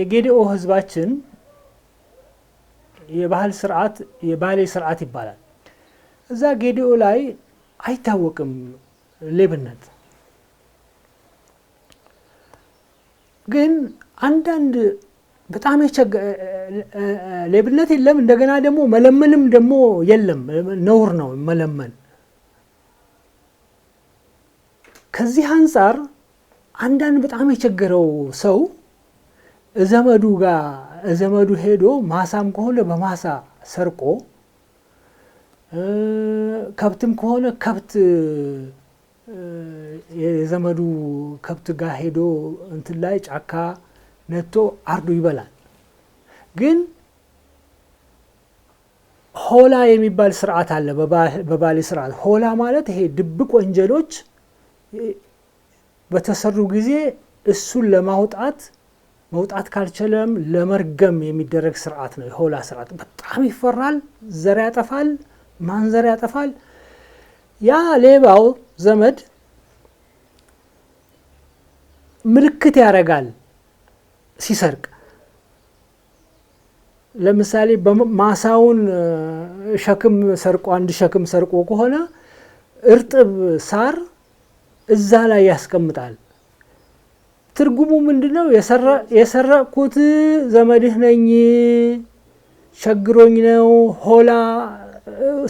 የጌዲኦ ህዝባችን የባህል ስርዓት የባሌ ስርዓት ይባላል። እዛ ጌዲኦ ላይ አይታወቅም ሌብነት። ግን አንዳንድ በጣም ሌብነት የለም። እንደገና ደግሞ መለመንም ደግሞ የለም፣ ነውር ነው መለመን። ከዚህ አንጻር አንዳንድ በጣም የቸገረው ሰው ዘመዱ ጋር ዘመዱ ሄዶ ማሳም ከሆነ በማሳ ሰርቆ ከብትም ከሆነ ከብት የዘመዱ ከብት ጋር ሄዶ እንትን ላይ ጫካ ነቶ አርዶ ይበላል። ግን ሆላ የሚባል ስርዓት አለ። በባሌ ስርዓት ሆላ ማለት ይሄ ድብቅ ወንጀሎች በተሰሩ ጊዜ እሱን ለማውጣት መውጣት ካልቸለም ለመርገም የሚደረግ ስርዓት ነው። የሆላ ስርዓት በጣም ይፈራል። ዘር ያጠፋል፣ ማንዘር ያጠፋል። ያ ሌባው ዘመድ ምልክት ያደርጋል ሲሰርቅ። ለምሳሌ ማሳውን ሸክም ሰርቆ አንድ ሸክም ሰርቆ ከሆነ እርጥብ ሳር እዛ ላይ ያስቀምጣል። ትርጉሙ ምንድን ነው? የሰረቅኩት ዘመድህ ነኝ፣ ቸግሮኝ ነው፣ ሆላ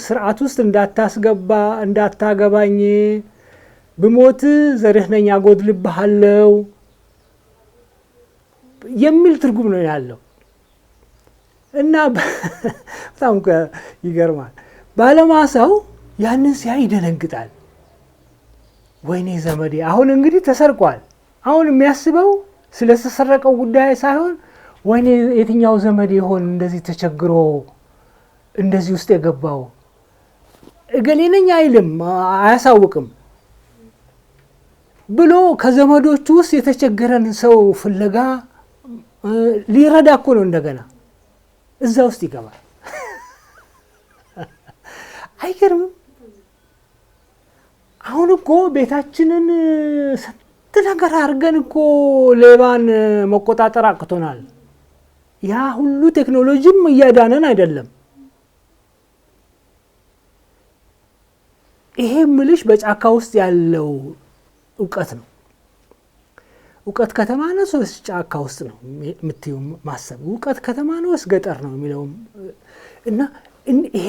ስርዓት ውስጥ እንዳታስገባ እንዳታገባኝ፣ ብሞት ዘርህ ነኝ አጎድልብሃለው የሚል ትርጉም ነው ያለው እና በጣም ይገርማል። ባለማሳው ያንን ሲያይ ይደነግጣል። ወይኔ ዘመዴ አሁን እንግዲህ ተሰርቋል አሁን የሚያስበው ስለተሰረቀው ጉዳይ ሳይሆን ወይኔ የትኛው ዘመድ ይሆን እንደዚህ ተቸግሮ እንደዚህ ውስጥ የገባው እገሌ ነኝ አይልም፣ አያሳውቅም ብሎ ከዘመዶቹ ውስጥ የተቸገረን ሰው ፍለጋ ሊረዳ እኮ ነው። እንደገና እዛ ውስጥ ይገባል። አይገርምም? አሁን እኮ ቤታችንን ስንት ነገር አድርገን እኮ ሌባን መቆጣጠር አቅቶናል። ያ ሁሉ ቴክኖሎጂም እያዳነን አይደለም። ይሄ ምልሽ በጫካ ውስጥ ያለው እውቀት ነው። እውቀት ከተማ ነው ወይስ ጫካ ውስጥ ነው የምትይው ማሰብ? እውቀት ከተማ ነው ወይስ ገጠር ነው የሚለውም እና ይሄ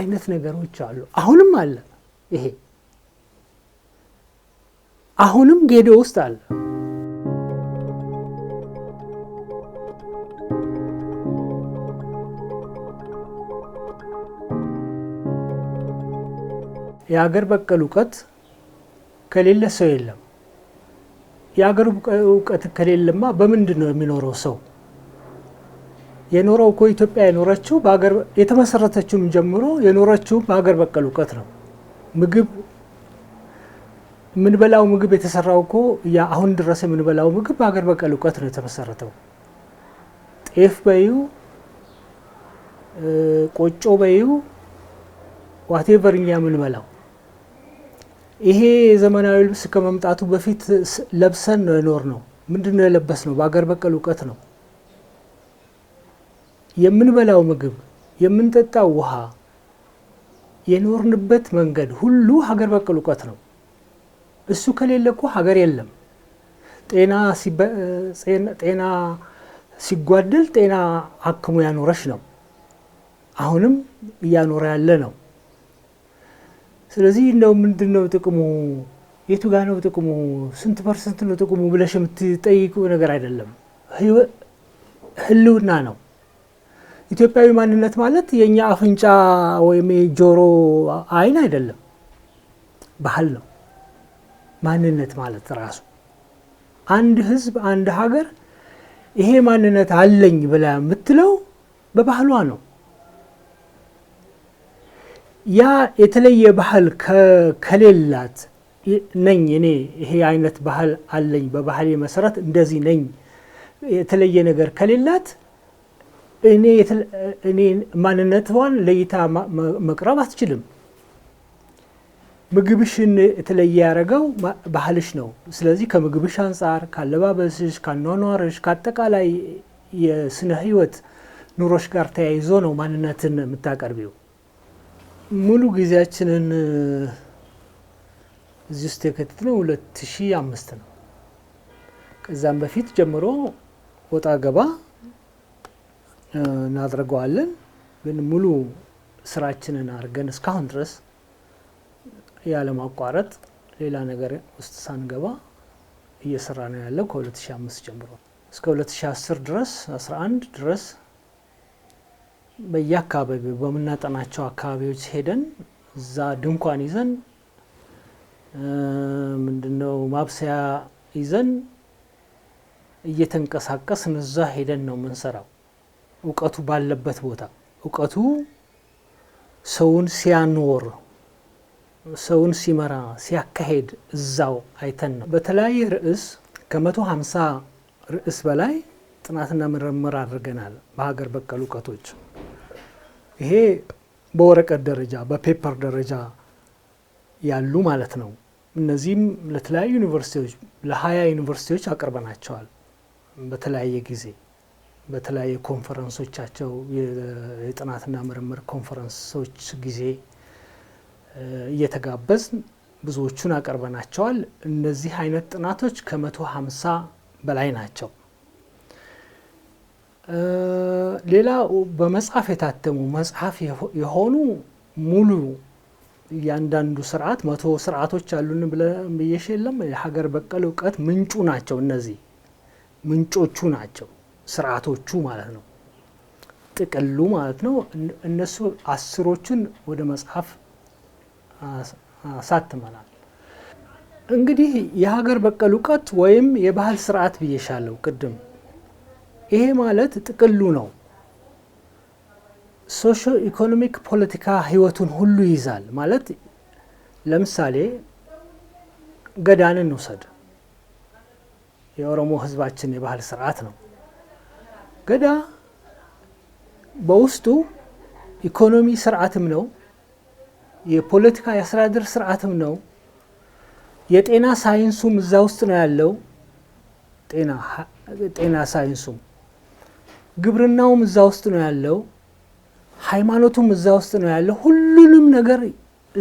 አይነት ነገሮች አሉ። አሁንም አለ ይሄ አሁንም ጌዶ ውስጥ አለ። የሀገር በቀል እውቀት ከሌለ ሰው የለም። የሀገር እውቀት ከሌለማ በምንድን ነው የሚኖረው ሰው? የኖረው እኮ ኢትዮጵያ የኖረችው የተመሰረተችውም ጀምሮ የኖረችውም በሀገር በቀል እውቀት ነው ምግብ የምንበላው ምግብ የተሰራው እኮ አሁን ድረስ የምንበላው ምግብ በሀገር በቀል እውቀት ነው የተመሰረተው። ጤፍ በይው፣ ቆጮ በይው፣ ዋቴቨር እኛ የምንበላው ይሄ የዘመናዊ ልብስ ከመምጣቱ በፊት ለብሰን ነው የኖር ነው። ምንድን ነው የለበስ ነው? በሀገር በቀል እውቀት ነው የምንበላው ምግብ፣ የምንጠጣው ውሃ፣ የኖርንበት መንገድ ሁሉ ሀገር በቀል እውቀት ነው። እሱ ከሌለ እኮ ሀገር የለም። ጤና ሲጓደል ጤና አክሙ ያኖረች ነው፣ አሁንም እያኖረ ያለ ነው። ስለዚህ እንደው ምንድን ነው ጥቅሙ? የቱ ጋ ነው ጥቅሙ? ስንት ፐርሰንት ነው ጥቅሙ ብለሽ የምትጠይቁ ነገር አይደለም። ህልውና ነው። ኢትዮጵያዊ ማንነት ማለት የእኛ አፍንጫ ወይም የጆሮ አይን አይደለም፣ ባህል ነው። ማንነት ማለት ራሱ አንድ ህዝብ፣ አንድ ሀገር ይሄ ማንነት አለኝ ብላ የምትለው በባህሏ ነው። ያ የተለየ ባህል ከሌላት ነኝ እኔ ይሄ አይነት ባህል አለኝ፣ በባህሌ መሰረት እንደዚህ ነኝ፣ የተለየ ነገር ከሌላት እኔ ማንነትዋን ለይታ መቅረብ አትችልም። ምግብሽን የተለየ ያደረገው ባህልሽ ነው። ስለዚህ ከምግብሽ አንጻር፣ ካለባበስሽ፣ ካኗኗርሽ፣ ከአጠቃላይ የስነ ህይወት ኑሮሽ ጋር ተያይዞ ነው ማንነትን የምታቀርቢው። ሙሉ ጊዜያችንን እዚህ ውስጥ የከትት ነው ሁለት ሺ አምስት ነው። ከዛም በፊት ጀምሮ ወጣ ገባ እናደርገዋለን። ግን ሙሉ ስራችንን አድርገን እስካሁን ድረስ ያለማቋረጥ ሌላ ነገር ውስጥ ሳንገባ እየሰራ ነው ያለው ከ2005 ጀምሮ እስከ 2010 ድረስ 11 ድረስ በየአካባቢው በምናጠናቸው አካባቢዎች ሄደን እዛ ድንኳን ይዘን ምንድነው ማብሰያ ይዘን እየተንቀሳቀስን እዛ ሄደን ነው የምንሰራው። እውቀቱ ባለበት ቦታ እውቀቱ ሰውን ሲያኖር ሰውን ሲመራ ሲያካሄድ እዛው አይተን ነው። በተለያየ ርዕስ ከ150 ርዕስ በላይ ጥናትና ምርምር አድርገናል በሀገር በቀል እውቀቶች። ይሄ በወረቀት ደረጃ በፔፐር ደረጃ ያሉ ማለት ነው። እነዚህም ለተለያዩ ዩኒቨርሲቲዎች ለሀያ ዩኒቨርሲቲዎች አቅርበናቸዋል በተለያየ ጊዜ በተለያየ ኮንፈረንሶቻቸው የጥናትና ምርምር ኮንፈረንሶች ጊዜ እየተጋበዝን ብዙዎቹን አቀርበናቸዋል። እነዚህ አይነት ጥናቶች ከመቶ ሀምሳ በላይ ናቸው። ሌላ በመጽሐፍ የታተሙ መጽሐፍ የሆኑ ሙሉ እያንዳንዱ ስርዓት መቶ ስርዓቶች አሉን ብዬሽ የለም። የሀገር በቀል እውቀት ምንጩ ናቸው። እነዚህ ምንጮቹ ናቸው፣ ስርዓቶቹ ማለት ነው፣ ጥቅሉ ማለት ነው። እነሱ አስሮቹን ወደ መጽሐፍ አሳትመናል። እንግዲህ የሀገር በቀል እውቀት ወይም የባህል ስርዓት ብዬሻለሁ ቅድም። ይሄ ማለት ጥቅሉ ነው። ሶሾ ኢኮኖሚክ ፖለቲካ ህይወቱን ሁሉ ይይዛል ማለት ለምሳሌ ገዳን እንውሰድ። የኦሮሞ ህዝባችን የባህል ስርዓት ነው። ገዳ በውስጡ ኢኮኖሚ ስርዓትም ነው። የፖለቲካ የአስተዳደር ስርዓትም ነው። የጤና ሳይንሱም እዛ ውስጥ ነው ያለው። ጤና ሳይንሱም ግብርናውም እዛ ውስጥ ነው ያለው። ሃይማኖቱም እዛ ውስጥ ነው ያለው። ሁሉንም ነገር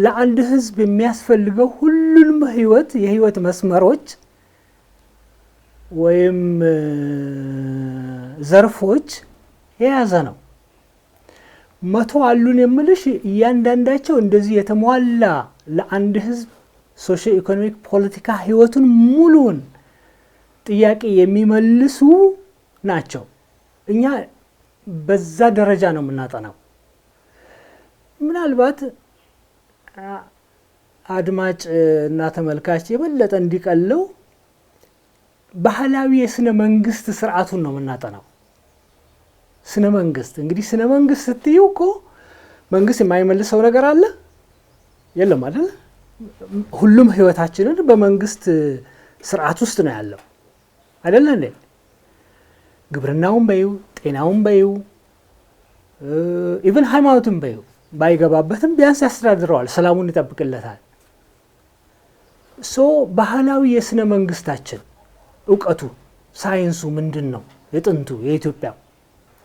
ለአንድ ህዝብ የሚያስፈልገው ሁሉንም ህይወት የህይወት መስመሮች ወይም ዘርፎች የያዘ ነው። መቶ አሉን የምልሽ እያንዳንዳቸው እንደዚህ የተሟላ ለአንድ ህዝብ ሶሽ ኢኮኖሚክ ፖለቲካ ህይወቱን ሙሉውን ጥያቄ የሚመልሱ ናቸው። እኛ በዛ ደረጃ ነው የምናጠናው። ምናልባት አድማጭ እና ተመልካች የበለጠ እንዲቀለው ባህላዊ የስነ መንግስት ስርዓቱን ነው የምናጠናው። ስነ መንግስት እንግዲህ ስነ መንግስት ስትዩ እኮ መንግስት የማይመልሰው ነገር አለ የለም አይደል? ሁሉም ህይወታችንን በመንግስት ስርዓት ውስጥ ነው ያለው አይደለ እንዴ? ግብርናውን በይው፣ ጤናውን በይው፣ ኢቨን ሃይማኖትን በይው፣ ባይገባበትም ቢያንስ ያስተዳድረዋል፣ ሰላሙን ይጠብቅለታል። ሶ ባህላዊ የስነ መንግስታችን እውቀቱ ሳይንሱ ምንድን ነው? የጥንቱ የኢትዮጵያ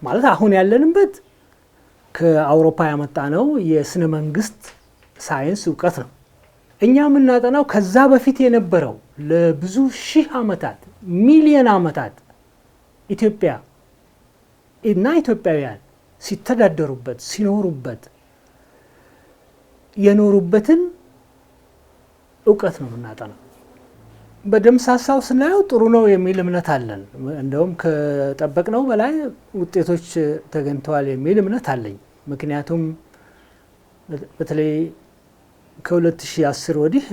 ማለት አሁን ያለንበት ከአውሮፓ ያመጣ ነው የስነ መንግስት ሳይንስ እውቀት ነው። እኛ የምናጠናው ከዛ በፊት የነበረው ለብዙ ሺህ ዓመታት ሚሊዮን ዓመታት ኢትዮጵያ እና ኢትዮጵያውያን ሲተዳደሩበት ሲኖሩበት የኖሩበትን እውቀት ነው የምናጠናው። በደምሳሳው ስናየው ጥሩ ነው የሚል እምነት አለን። እንደውም ከጠበቅነው በላይ ውጤቶች ተገኝተዋል የሚል እምነት አለኝ። ምክንያቱም በተለይ ከ2010 ወዲህ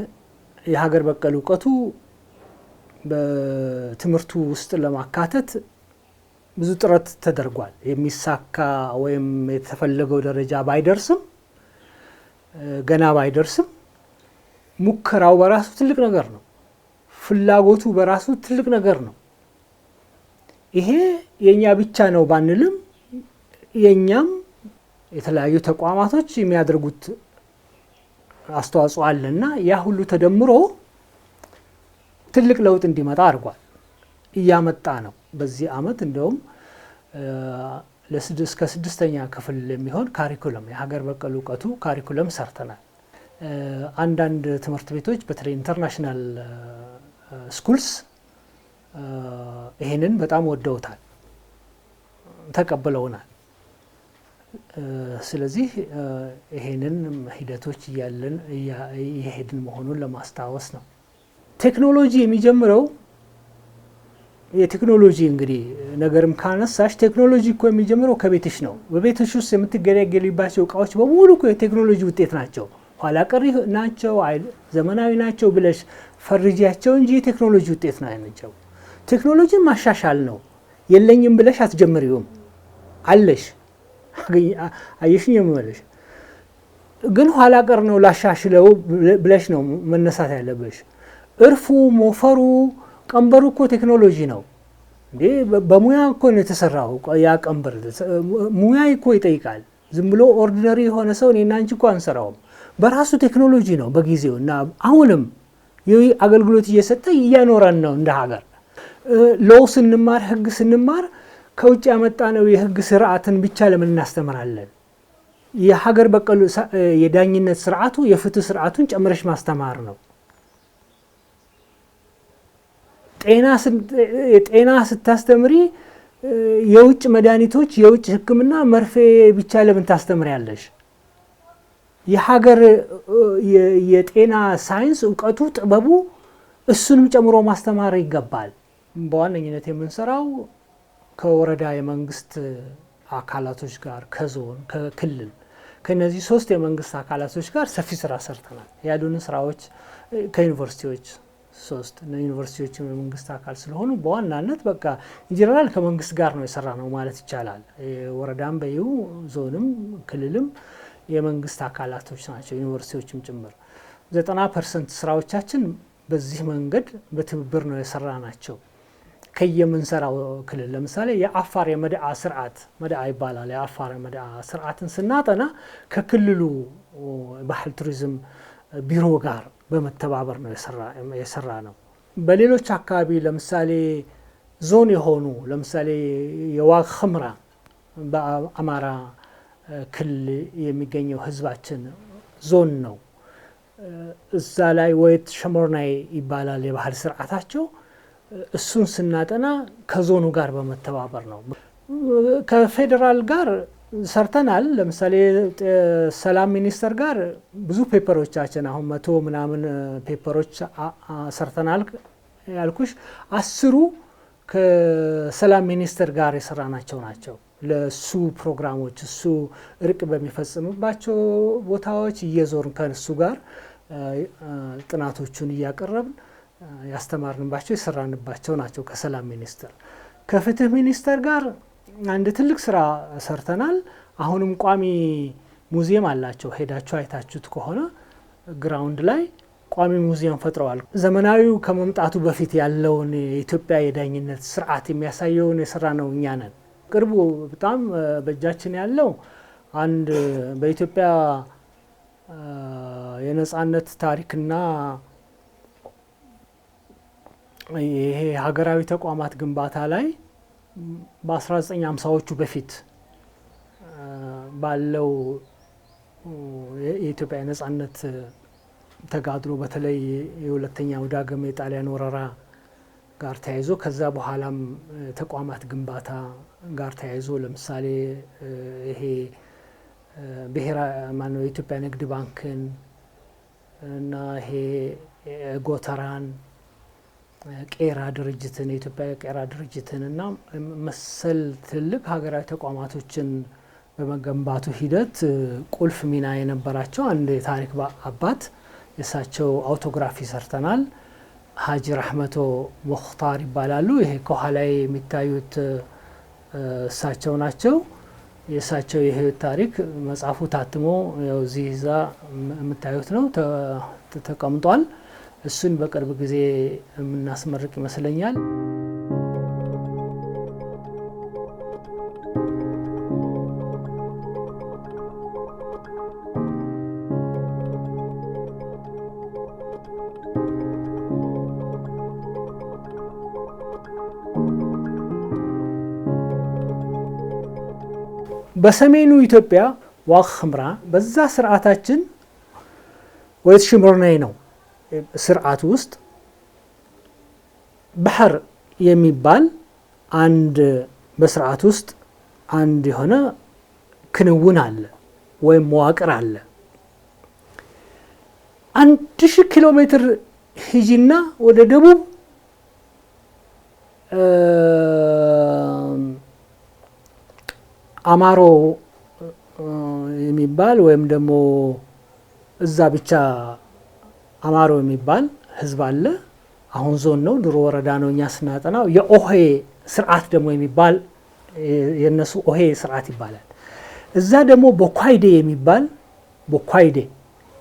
የሀገር በቀል እውቀቱ በትምህርቱ ውስጥ ለማካተት ብዙ ጥረት ተደርጓል። የሚሳካ ወይም የተፈለገው ደረጃ ባይደርስም ገና ባይደርስም ሙከራው በራሱ ትልቅ ነገር ነው። ፍላጎቱ በራሱ ትልቅ ነገር ነው። ይሄ የእኛ ብቻ ነው ባንልም የእኛም የተለያዩ ተቋማቶች የሚያደርጉት አስተዋጽኦ አለ እና ያ ሁሉ ተደምሮ ትልቅ ለውጥ እንዲመጣ አድርጓል። እያመጣ ነው። በዚህ አመት እንደውም እስከ ስድስተኛ ክፍል የሚሆን ካሪኩለም የሀገር በቀል እውቀቱ ካሪኩለም ሰርተናል። አንዳንድ ትምህርት ቤቶች በተለይ ኢንተርናሽናል ስኩልስ ይሄንን በጣም ወደውታል፣ ተቀብለውናል። ስለዚህ ይሄንን ሂደቶች እያለን የሄድን መሆኑን ለማስታወስ ነው። ቴክኖሎጂ የሚጀምረው የቴክኖሎጂ እንግዲህ ነገርም ካነሳሽ ቴክኖሎጂ እኮ የሚጀምረው ከቤትሽ ነው። በቤትሽ ውስጥ የምትገለገልባቸው እቃዎች በሙሉ እኮ የቴክኖሎጂ ውጤት ናቸው። ኋላ ቀሪ ናቸው፣ ዘመናዊ ናቸው ብለሽ ፈርጃቸው እንጂ የቴክኖሎጂ ውጤት ነው አይናቸው። ቴክኖሎጂ ማሻሻል ነው። የለኝም ብለሽ አትጀምሪውም። አለሽ አየሽኝ የምመለሽ ግን ኋላ ቀር ነው ላሻሽለው ብለሽ ነው መነሳት ያለበሽ። እርፉ፣ ሞፈሩ፣ ቀንበሩ እኮ ቴክኖሎጂ ነው እንዴ! በሙያ እኮ ነው የተሰራው። ያ ቀንበር ሙያ እኮ ይጠይቃል። ዝም ብሎ ኦርዲነሪ የሆነ ሰው እኔና እንጂ እኮ አንሰራውም። በራሱ ቴክኖሎጂ ነው በጊዜው እና አሁንም ይህ አገልግሎት እየሰጠ እያኖረን ነው እንደ ሀገር። ሎው ስንማር ህግ ስንማር ከውጭ ያመጣነው የህግ ስርዓትን ብቻ ለምን እናስተምራለን? የሀገር በቀሉ የዳኝነት ስርዓቱ የፍትህ ስርዓቱን ጨምረሽ ማስተማር ነው። ጤና ስታስተምሪ የውጭ መድኃኒቶች፣ የውጭ ህክምና፣ መርፌ ብቻ ለምን ታስተምሪያለሽ? የሀገር የጤና ሳይንስ እውቀቱ ጥበቡ እሱንም ጨምሮ ማስተማር ይገባል። በዋነኝነት የምንሰራው ከወረዳ የመንግስት አካላቶች ጋር ከዞን፣ ከክልል ከነዚህ ሶስት የመንግስት አካላቶች ጋር ሰፊ ስራ ሰርተናል። ያሉን ስራዎች ከዩኒቨርሲቲዎች ሶስት ዩኒቨርሲቲዎች የመንግስት አካል ስለሆኑ በዋናነት በቃ ኢንጀነራል ከመንግስት ጋር ነው የሰራ ነው ማለት ይቻላል። ወረዳም በይው ዞንም ክልልም የመንግስት አካላቶች ናቸው፣ ዩኒቨርሲቲዎችም ጭምር። ዘጠና ፐርሰንት ስራዎቻችን በዚህ መንገድ በትብብር ነው የሰራ ናቸው። ከየምንሰራው ክልል ለምሳሌ የአፋር የመድአ ስርዓት መድአ ይባላል። የአፋር የመድአ ስርዓትን ስናጠና ከክልሉ ባህል ቱሪዝም ቢሮ ጋር በመተባበር ነው የሰራ ነው። በሌሎች አካባቢ ለምሳሌ ዞን የሆኑ ለምሳሌ የዋግ ኽምራ በአማራ ክልል የሚገኘው ህዝባችን ዞን ነው። እዛ ላይ ወይት ሸሞርናይ ይባላል የባህል ስርዓታቸው። እሱን ስናጠና ከዞኑ ጋር በመተባበር ነው። ከፌዴራል ጋር ሰርተናል። ለምሳሌ ሰላም ሚኒስቴር ጋር ብዙ ፔፐሮቻችን አሁን መቶ ምናምን ፔፐሮች ሰርተናል ያልኩሽ አስሩ ከሰላም ሚኒስቴር ጋር የሰራናቸው ናቸው። ለሱ ፕሮግራሞች እሱ እርቅ በሚፈጽምባቸው ቦታዎች እየዞርን ከእሱ ጋር ጥናቶቹን እያቀረብን ያስተማርንባቸው የሰራንባቸው ናቸው። ከሰላም ሚኒስቴር ከፍትህ ሚኒስቴር ጋር አንድ ትልቅ ስራ ሰርተናል። አሁንም ቋሚ ሙዚየም አላቸው። ሄዳችሁ አይታችሁት ከሆነ ግራውንድ ላይ ቋሚ ሙዚየም ፈጥረዋል። ዘመናዊው ከመምጣቱ በፊት ያለውን የኢትዮጵያ የዳኝነት ስርዓት የሚያሳየውን የሰራ ነው እኛ ነን። ቅርቡ በጣም በእጃችን ያለው አንድ በኢትዮጵያ የነጻነት ታሪክና ይሄ ሀገራዊ ተቋማት ግንባታ ላይ በ1950ዎቹ በፊት ባለው የኢትዮጵያ የነጻነት ተጋድሎ በተለይ የሁለተኛው ዳግም የጣሊያን ወረራ ጋር ተያይዞ ከዛ በኋላም ተቋማት ግንባታ ጋር ተያይዞ ለምሳሌ ይሄ ብሔራዊ ማነው የኢትዮጵያ ንግድ ባንክን እና ይሄ ጎተራን ቄራ ድርጅትን የኢትዮጵያ ቄራ ድርጅትን እና መሰል ትልቅ ሀገራዊ ተቋማቶችን በመገንባቱ ሂደት ቁልፍ ሚና የነበራቸው አንድ የታሪክ አባት የእሳቸው አውቶግራፊ ሰርተናል። ሀጂ ረሕመቶ ሙክታር ይባላሉ። ይሄ ከኋላይ የሚታዩት እሳቸው ናቸው። የእሳቸው የህይወት ታሪክ መጽሐፉ ታትሞ ያው እዚህ ዛ የምታዩት ነው ተቀምጧል። እሱን በቅርብ ጊዜ የምናስመርቅ ይመስለኛል። በሰሜኑ ኢትዮጵያ ዋግ ኽምራ በዛ ስርዓታችን ወይት ሽምርናይ ነው ስርዓት ውስጥ ባሕር የሚባል አንድ በስርዓት ውስጥ አንድ የሆነ ክንውን አለ ወይም መዋቅር አለ። አንድ ሺህ ኪሎ ሜትር ሂጂና ወደ ደቡብ አማሮ የሚባል ወይም ደግሞ እዛ ብቻ አማሮ የሚባል ህዝብ አለ። አሁን ዞን ነው፣ ድሮ ወረዳ ነው። እኛ ስናጠናው የኦሄ ስርዓት ደግሞ የሚባል የነሱ ኦሄ ስርዓት ይባላል። እዛ ደግሞ ቦኳይዴ የሚባል ቦኳይዴ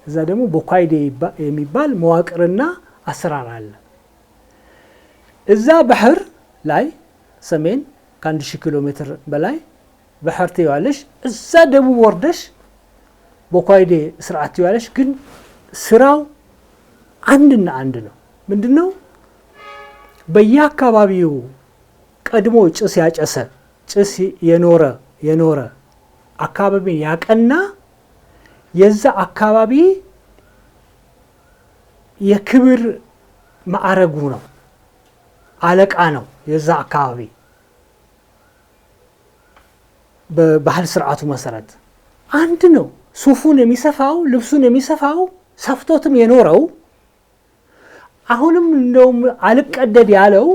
እዛ ደግሞ ቦኳይዴ የሚባል መዋቅርና አሰራር አለ። እዛ ባህር ላይ ሰሜን ከአንድ ሺህ ኪሎ ሜትር በላይ ባሕርቲ ትይዋለሽ እዛ ደቡብ ወርደሽ ቦኳይዴ ስርዓት ትይዋለሽ ግን ስራው አንድና አንድ ነው ምንድ ነው በየአካባቢው ቀድሞ ጭስ ያጨሰ ጭስ የኖረ የኖረ አካባቢ ያቀና የዛ አካባቢ የክብር ማዕረጉ ነው አለቃ ነው የዛ አካባቢ በባህል ስርዓቱ መሰረት አንድ ነው። ሱፉን የሚሰፋው ልብሱን የሚሰፋው ሰፍቶትም የኖረው አሁንም እንደውም አልቀደድ ያለው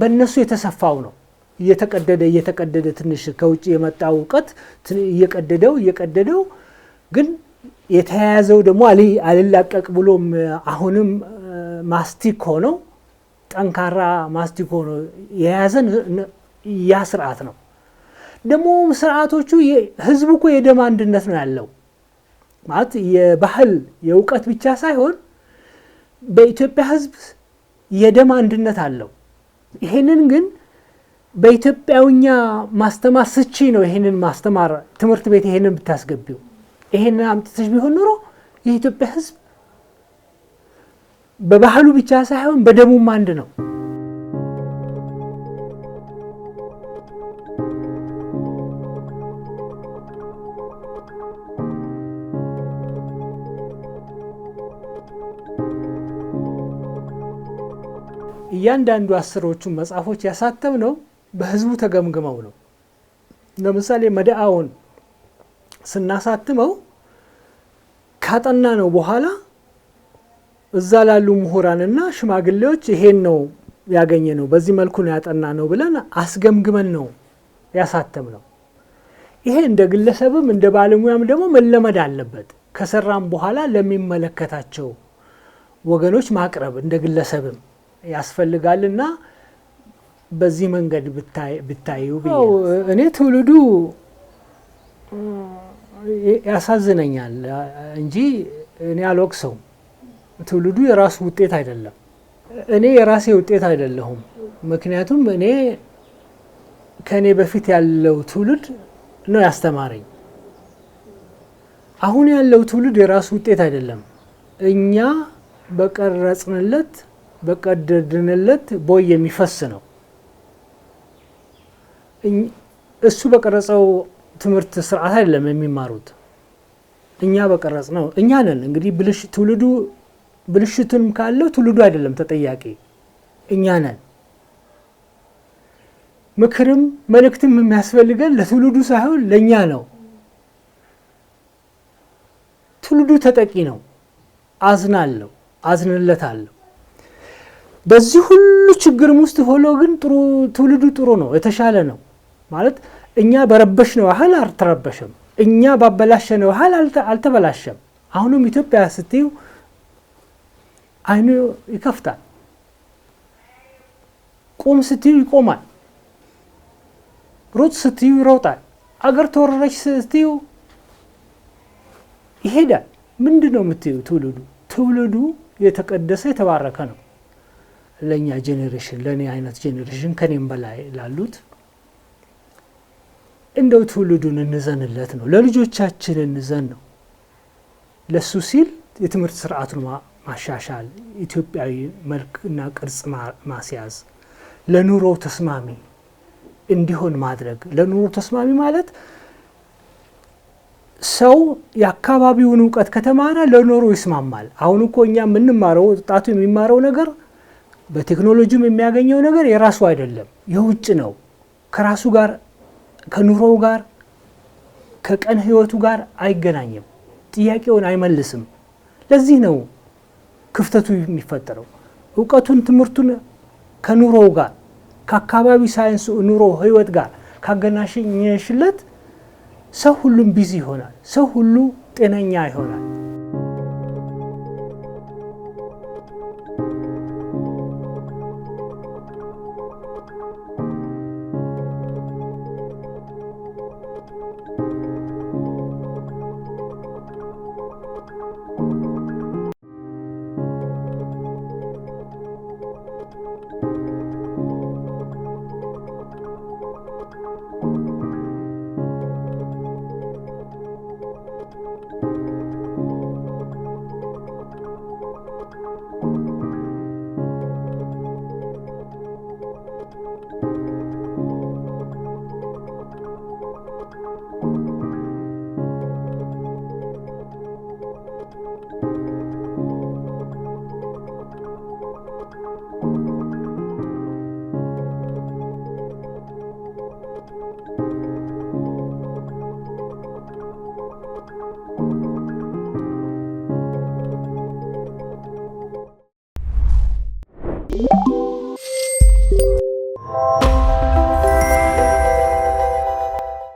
በእነሱ የተሰፋው ነው። እየተቀደደ እየተቀደደ ትንሽ ከውጭ የመጣ እውቀት እየቀደደው እየቀደደው ግን የተያያዘው ደግሞ አልላቀቅ ብሎም አሁንም ማስቲክ ሆነው ጠንካራ ማስቲክ ሆኖ የያዘን ያ ስርዓት ነው። ደግሞ ስርዓቶቹ ህዝቡ እኮ የደም አንድነት ነው ያለው ማለት የባህል የእውቀት ብቻ ሳይሆን በኢትዮጵያ ህዝብ የደም አንድነት አለው። ይሄንን ግን በኢትዮጵያውኛ ማስተማር ስቺ ነው። ይሄንን ማስተማር ትምህርት ቤት ይሄንን ብታስገቢው ይሄንን አምጥተሽ ቢሆን ኖሮ የኢትዮጵያ ህዝብ በባህሉ ብቻ ሳይሆን በደሙም አንድ ነው። እያንዳንዱ አስሮቹን መጽሐፎች ያሳተም ነው በህዝቡ ተገምግመው ነው። ለምሳሌ መድአውን ስናሳትመው ካጠና ነው በኋላ እዛ ላሉ ምሁራንና ሽማግሌዎች ይሄን ነው ያገኘ ነው፣ በዚህ መልኩ ነው ያጠና ነው ብለን አስገምግመን ነው ያሳተም ነው። ይሄ እንደ ግለሰብም እንደ ባለሙያም ደግሞ መለመድ አለበት። ከሰራም በኋላ ለሚመለከታቸው ወገኖች ማቅረብ እንደ ግለሰብም ያስፈልጋልና በዚህ መንገድ ብታዩ እኔ ትውልዱ ያሳዝነኛል እንጂ እኔ አልወቅሰውም። ትውልዱ የራሱ ውጤት አይደለም። እኔ የራሴ ውጤት አይደለሁም። ምክንያቱም እኔ ከእኔ በፊት ያለው ትውልድ ነው ያስተማረኝ። አሁን ያለው ትውልድ የራሱ ውጤት አይደለም። እኛ በቀረጽንለት በቀደድንለት ቦይ የሚፈስ ነው። እሱ በቀረጸው ትምህርት ስርዓት አይደለም የሚማሩት፣ እኛ በቀረጽ ነው። እኛ ነን እንግዲህ ትውልዱ ብልሽቱንም ካለው ትውልዱ አይደለም ተጠያቂ፣ እኛ ነን። ምክርም መልእክትም የሚያስፈልገን ለትውልዱ ሳይሆን ለእኛ ነው። ትውልዱ ተጠቂ ነው። አዝናለሁ፣ አዝንለታለሁ። በዚህ ሁሉ ችግርም ውስጥ ሆኖ ግን ጥሩ ትውልዱ ጥሩ ነው፣ የተሻለ ነው ማለት እኛ በረበሽ ነው ያህል አልተረበሸም፣ እኛ ባበላሸ ነው ያህል አልተበላሸም። አሁንም ኢትዮጵያ ስትዩ አይኑ ይከፍታል፣ ቁም ስትዩ ይቆማል፣ ሩጥ ስትዩ ይሮጣል፣ አገር ተወረረች ስትዩ ይሄዳል። ምንድን ነው የምትዩ? ትውልዱ ትውልዱ የተቀደሰ የተባረከ ነው። ለእኛ ጄኔሬሽን ለእኔ አይነት ጄኔሬሽን ከኔም በላይ ላሉት እንደው ትውልዱን እንዘንለት ነው፣ ለልጆቻችን እንዘን ነው። ለሱ ሲል የትምህርት ስርዓቱን ማሻሻል፣ ኢትዮጵያዊ መልክና ቅርጽ ማስያዝ፣ ለኑሮ ተስማሚ እንዲሆን ማድረግ። ለኑሮ ተስማሚ ማለት ሰው የአካባቢውን እውቀት ከተማረ ለኑሮ ይስማማል። አሁን እኮ እኛ የምንማረው ወጣቱ የሚማረው ነገር በቴክኖሎጂም የሚያገኘው ነገር የራሱ አይደለም፣ የውጭ ነው። ከራሱ ጋር ከኑሮው ጋር ከቀን ህይወቱ ጋር አይገናኝም፣ ጥያቄውን አይመልስም። ለዚህ ነው ክፍተቱ የሚፈጠረው። እውቀቱን ትምህርቱን ከኑሮው ጋር ከአካባቢ ሳይንስ ኑሮ ህይወት ጋር ካገናሽኝሽለት ሰው ሁሉም ቢዚ ይሆናል። ሰው ሁሉ ጤነኛ ይሆናል።